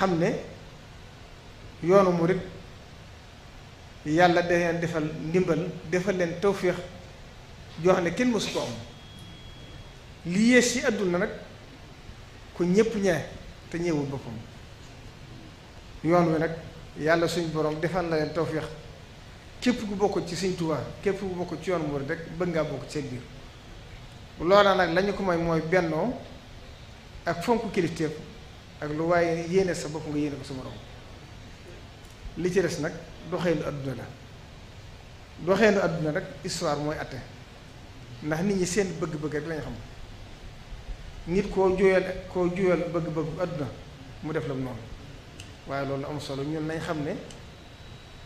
xam ne yoonu murit yàlla da leen defal ndimbal defal leen tawféex joo xam ne kenn mësu ko am li yées ci àdduna nag ku ñépp ñee te ñëwul boppam yoon wi nag yàlla suñ boroom defal na leen tawféex képp ku bokk ci Sëñ Tuubaa képp ku bokk ci yoon murit rek bëgg ngaa bokk ci seen biir loola nag lañu ko may mooy bennoo ak fonk kilifteef ak lu waaye yéene sa bopp nga yéene ko sa morom li ci des nag doxeenu àdduna la doxeenu àdduna rek histoire mooy atte ndax nit ñi seen bëgg-bëgg rek lañ xam nit koo juyal koo juyal bëgg-bëgg bu àdduna mu def la mu noonu waaye loolu am solo ñun nañ xam ne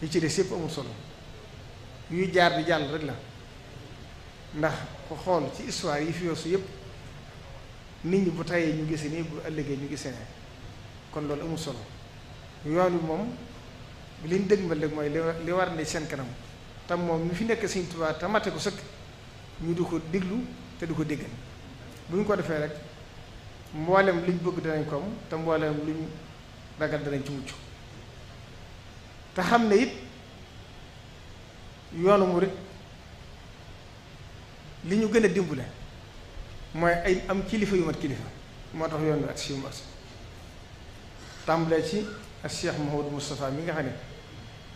yi ci des yëpp amul solo yuy jaar di jàll rek la ndax ku xool ci histoire yi fi yoosu yëpp nit ñi bu tayee ñu gis nii bu ëllëgee ñu gisee ne kon loolu amul solo yoon wi moom liñ dëgmal rek mooy li war ne seen kanam tam moom ñu fi nekk Sëñ Tuubaa te ko sëkk ñu di ko déglu te du ko déggal bu ñu ko defee rek mboolem liñ bëgg danañ ko am te mboolem liñ ragal danañ ci mucc te xam ne it yoonu murit li ñu gën a dimbale mooy ay am kilifa yu mat kilifa moo tax yoon wi ak si yu tàmbalee ci ak Cheikh Mouhamadou Moustapha mi nga xam ne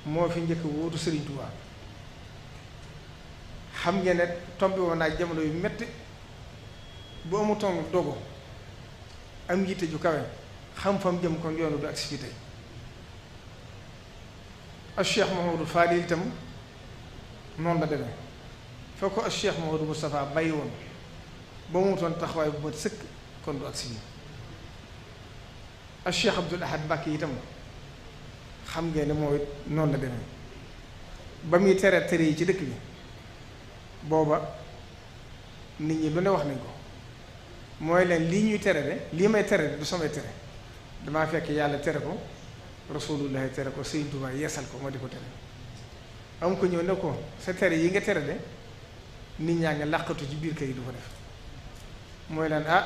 moo fi njëkk wóotu Serigne Touba xam ngeen ne tombé woon naa jamono yu metti bu amutoon dogo am yitte ju kawe xam fam jëm kon yoonu du ak si fi tey ak Cheikh Mouhamadou Fadil noonu la demee foo ko ak Cheikh Mouhamadou bàyyi woon ba mu amutoon taxawaay bu mat sëkk kon du ak si ak Cheikh Abdoul Ahad yi itam xam ngeen ne mooy noonu la demee ba muy tere tere yi ci dëkk bi booba nit ñi lu ne wax nañ ko mooy leen lii ñuy tere de lii may tere de du samay tere damaa fekk yàlla tere ko rasulullah tere ko Sëriñ Tuubaa yeesal ko ma di ko tere am ko ñëw ne ko sa tere yi nga tere de nit ñaa ngi làqatu ci biir kër yi du ko def mooy leen ah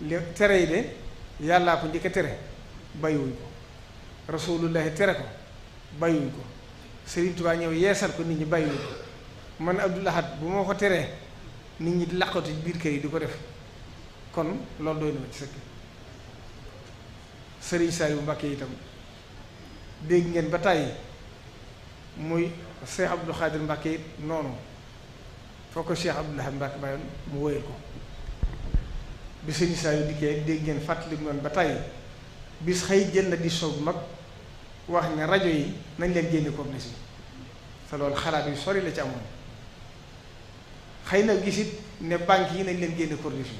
li tere yi de yàllaa ko njëkk tere bàyyiwuñ ko rasulullahi tere ko bàyyiwuñ ko Sëriñ Tuubaa ñëw yeesal ko nit ñi bàyyiwuñ ko man Abdul bu moo ko teree nit ñi laqatu biir kër yi di ko def kon loolu doy na ma ci sëkk sëriñ Saliou Mbacké itam dégg ngeen ba tàyyi muy Cheikh Abdou Khadir Mbacké it noonu foo ko Cheikh Abdou Lahad Mbacké mu wóyal ko bi sëriñ saa yu dikkee dégg ngeen fàttali noonu ba tàyyi bis xëy jën na édition bu mag wax ne rajo yi nañ leen génne corniche yi te loolu xalaat yu sori la ci amoon xëy na gisit ne banque yi nañ leen génne corniche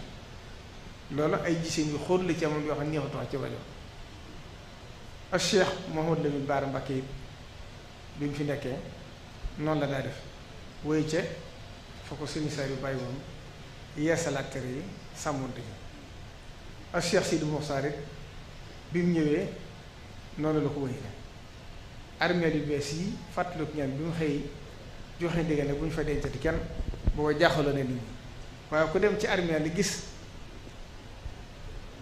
yi loolu ay giseen yu xóot la ci amoon yoo xam ne neexatu wax ci rajo ak Cheikh Mouhamadou Lamine Bara Mbacké yi bi mu fi nekkee noonu la daa def wéy ca fa ko sëriñ yu bàyyi woon yeesalaat tere yi sàmmoonte yi ak Cheikh Sidi Moussa it bi mu ñëwee noonu la ko wëyee armeel yu bees yi fàttaliku ñaan bi mu xëy joxe ndigal ne bu ñu fa dencati kenn booba jaaxaloo na nit ñi waaye ku dem ci armeel li gis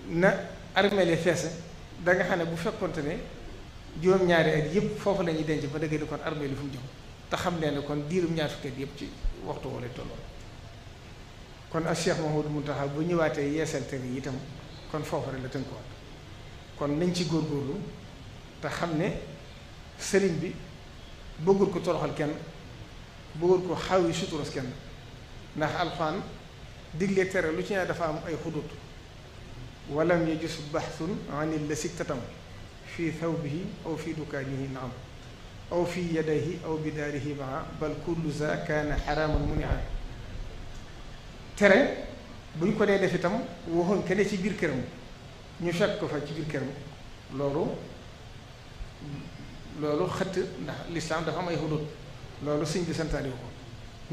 na armeel yi feese da nga xam ne bu fekkonte ne juróom-ñaari at yëpp foofu la ñuy denc ba dëgg di kon armeel yu fu mu te xam leen ne kon diirum ñaar fukki at yëpp ci waxtu wala tolloo. kon ak Cheikh mu Mountakha bu ñëwaatee yeesal tër yi itam kon foofu rek la tënkuwaat kon nañ ci góor góorlu te xam ne sëriñ bi bëggul ko toroxal kenn bëggul ko xaw yi suturos kenn ndax alxaan digle tere lu ci ne dafa am ay walla xudut walam yajus baxsun anil la siktatam fii thawbihi aw fii dukaanihi naam aw fii yadayhi aw bidaarihi maa bal kullu za kaana xaraaman munia tere buñ ko dee def itam woxoon ke ci biir këram ñu fekk ko fa ci biir këram loolu loolu xëtt ndax lislaam dafa am ay loolu sëñ bi santaaniwu ko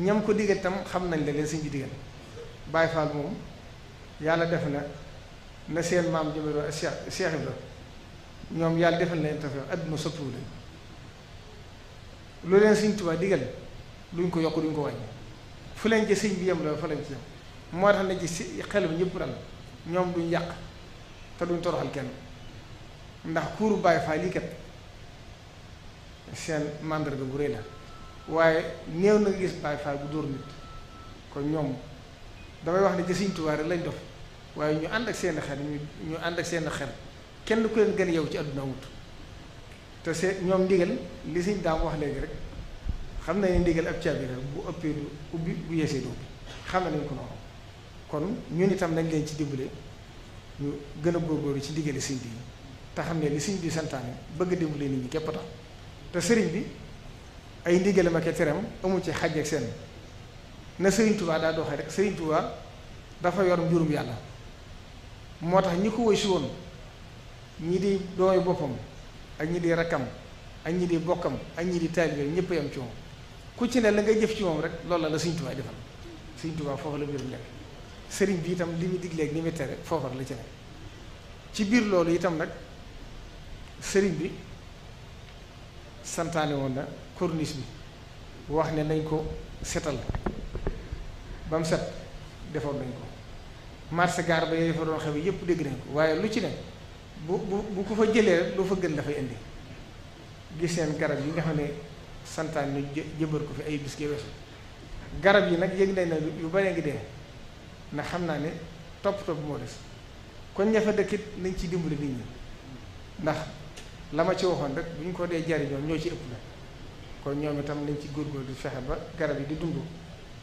ñam ko digal tam xam nañ la leen sëñ bi digal Baay moom yàlla defe na na seen maam jëme doon Cheikh Cheikh Ibra ñoom yàlla defal na leen tafe adduna soppiwu leen lu leen sëñ Tuubaa digal luñ ko yokk duñ ko wàññi fu leen ci sëñ bi yem la fa lañ ci yem moo tax ne ci si xel ñëpp dal ñoom duñ yàq te duñ toroxal kenn ndax kuuru Baay Faal yi kat seen màndarga bu rëy la waaye néew na gis Baay Faal bu dóor nit kon ñoom damay wax ne ci Sëñ Tuubaa rek dof waaye ñu ànd ak seen xel ñu ñu seen xel kenn ku leen gën yow ci àdduna wut te se ñoom ndigal li Sëñ daam wax léegi rek xam na ne ndigal ab caabi la bu ëppee du ubbi bu yeesee du ubbi xam nañ ko noonu kon ñun itam nañ leen ci dimbale ñu gën a góorgóorlu ci diggale sëñ bi te xam ne li siñ bi santaane bëgg dimbale nit ñi képp tax te sëriñ bi ay ndigalam ak teram amu ci xaj ak seen na sëriñ Tuubaa daa doxee rek sëriñ Tuubaa dafa yor mbirum yàlla moo tax ñi ko woy si woon ñi di dooy boppam ak ñi di rakkam ak ñi di bokkam ak ñi di taalibeem ñëpp yam ci moom ku ci ne la nga jëf ci moom rek loolu la la sëriñ Tuubaa defal sëriñ Tuubaa foofu la sëriñ bi itam li mu digleeg li mu tere foofar la ci ne ci biir loolu itam nag sëriñ bi santaane woon na korniis bi wax ne nañ ko setal ba mu set defoon nañ ko marché gaar ba yooyu fa doon xew yépp dégg nañ ko waaye lu ci ne bu bu bu ko fa jëlee rek fa gën dafay indi gis neen garab yi nga xam ne santaane ñu jëmbar ko fi ay bis weesu garab yi nag yëg nañ ne yu bare ngi dee ndax xam naa ne toppatoo bu moo des kon ña fa dëkkit nañ ci dimbali nit ñi ndax la ma ci waxoon rek bu ñu ko dee jariñoo ñoo ci ëpp la kon ñoom itam nañ ci góor di fexe ba garab yi di dund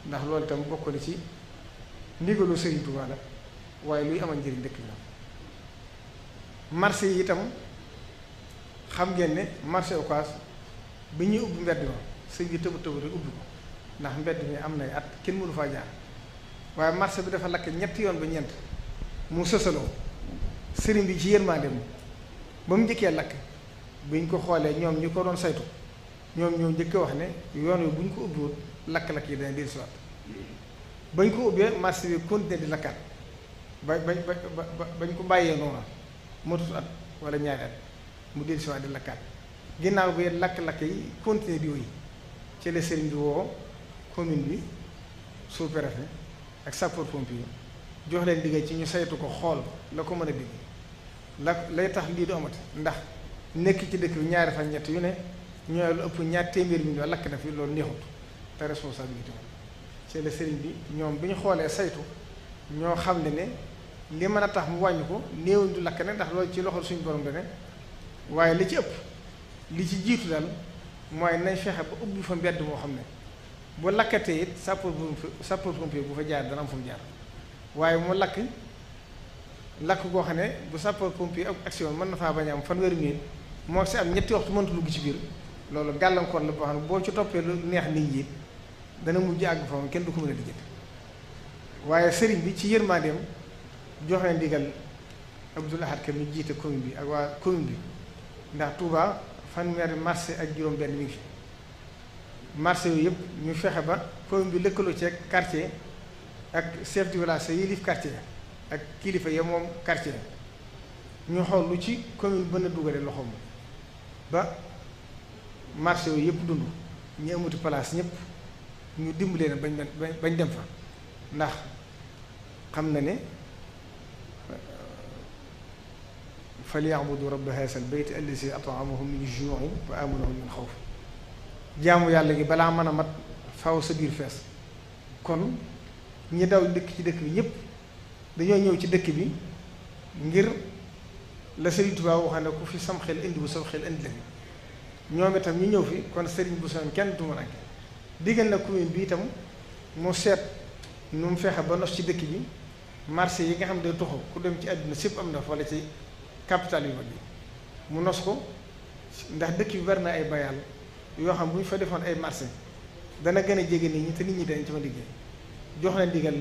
ndax loolu itam bokk na ci ndigalu Sëriñ Tuubaa la waaye luy amal njëriñ dëkk bi la marché yi itam xam ngeen ne marché Ocass bi ñuy ubbi mbedd ma sëñ bi tëbu tëbu rek ubbi ko ndax mbedd mi am nay at kenn mënu faa jaar waaye marché bi dafa lakk ñetti yoon ba ñeent mu sësaloo sëriñ bi ci yërmande mu ba mu njëkkee lakk buñ ko xoolee ñoom ñu ko doon saytu ñoom ñoo njëkk wax ne yoon wi buñ ko ubbiwut lakk-lakk yi dana dil siwaat bañ ko ubbee marché bi continué di lakkaat ba ba ba bañ ko bàyyee noonu motut at wala ñaari at mu dil siwaat di lakkaat ginnaaw bi lakk-lakk yi continué di wéy ci la sëriñ bi woo commune bi sous-préfet ak sapeur pompier jox leen liggéey ci ñu saytu ko xool la ko mën a digg la lay tax lii du amati ndax nekk ci dëkk bi ñaari fan ñett yu ne ñooy lu ëpp ñaar téeméer bi ñu lakk na fi loolu neexut te responsabilité moom c'est le sëriñ bi ñoom bi ñu xoolee saytu ñoo xam ne ne li mën a tax mu wàññi ko néew du lakk ne ndax loolu ci loxol suñu borom dene waaye li ci ëpp li ci jiitu daal mooy nañ fexe ba ubbi fa mbedd moo xam ne bu lakkatee it sapeur sapeur pompier bu fa jaar dana am fu mu jaar waaye mu lakk lakk goo xam ne bu sapeur pompier ak action mën na faa bañ am fanweeri minute moo si am ñetti waxtu mënta dugg ci biir loolu gàllankoor la boo xam ne boo ci toppee lu neex nit ñi dana mujj àgg foofu kenn du ko mën a dijjate waaye bi ci yërmandeem jox na ndigal Abdoul Ahad Ka mi jiite commune bi ak waa commune bi ndax Touba fanweeri marché ak juróom-benn mi ngi fi. marché yooyu yëpp ñu fexe ba commune bi lëkkaloo ci ak quartier ak chef du village sa yilif quartier ak kilifa ya moom quartier ñu xool lu ci commune bën a dugale loxoom ba marché yooyu yëpp dund ñu amuti place ñëpp ñu dimb leen bañ bañ dem fa ndax xam na ne falyabudu rabba haasal bayt allazi atamahum min juuin wa amanahum min xawf jaamu yàlla gi balaa mën a mat faw sa biir fees kon ñi daw dëkk ci dëkk bi ñëpp dañoo ñëw ci dëkk bi ngir la Sëriñ Tuubaa waxam ne ku fi sam xel indi bu sam xel indi la fi ñoom itam ñu ñëw fi kon sëriñ bu sam kenn du mën ak na commune bi itam mu seet nu fexe ba nos ci dëkk bi marché yi nga xam ne day ku dem ci àdduna sépp am na wala ci capital yu mag yi mu nos ko ndax dëkk bi bari na ay bayal yoo xam bu ñu fa defoon ay marché dana gën a jege nit ñi te nit ñi dañ ci ma liggéey jox na ndigal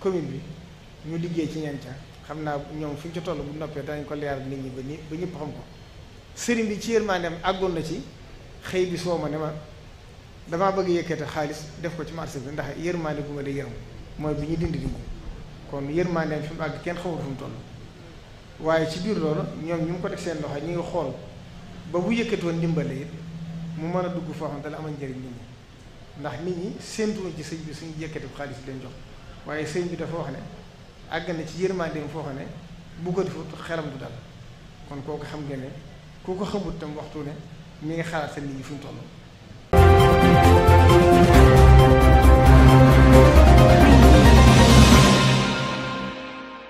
commune bi ñu liggéey ci ñanca xam naa ñoom fi ñu ci toll bu noppee danañ ko leeral nit ñi ba ni ba ñëpp xam ko sëriñ bi ci yërmandeem àggoon na ci xëy bi soo ma ne ma damaa bëgg yëkkate xaalis def ko ci marché bi ndax yërmande gu ma de yërëm mooy bi ñu dindi nit ñi kon yërmandeem fi mu àgg kenn xamul fu mu waaye ci biir loolu ñoom ñu ngi ko teg seen loxo ñu ngi xool ba bu yëkkatoon ndimbale it mu mën a dugg foo xam ne amal njëriñ nit ñi ndax nit ñi séentuwuñ ci sëñ bi suñu yëkkati xaalis bi leen jox waaye sëñ bi dafa wax ne àgg na ci yërmandeem foo xam ne bu ko defut xelam du dal kon kooku xam nga ne ku ko xamut tam waxtu ne mi ngi xalaat sa nit ñi fu ñu toll.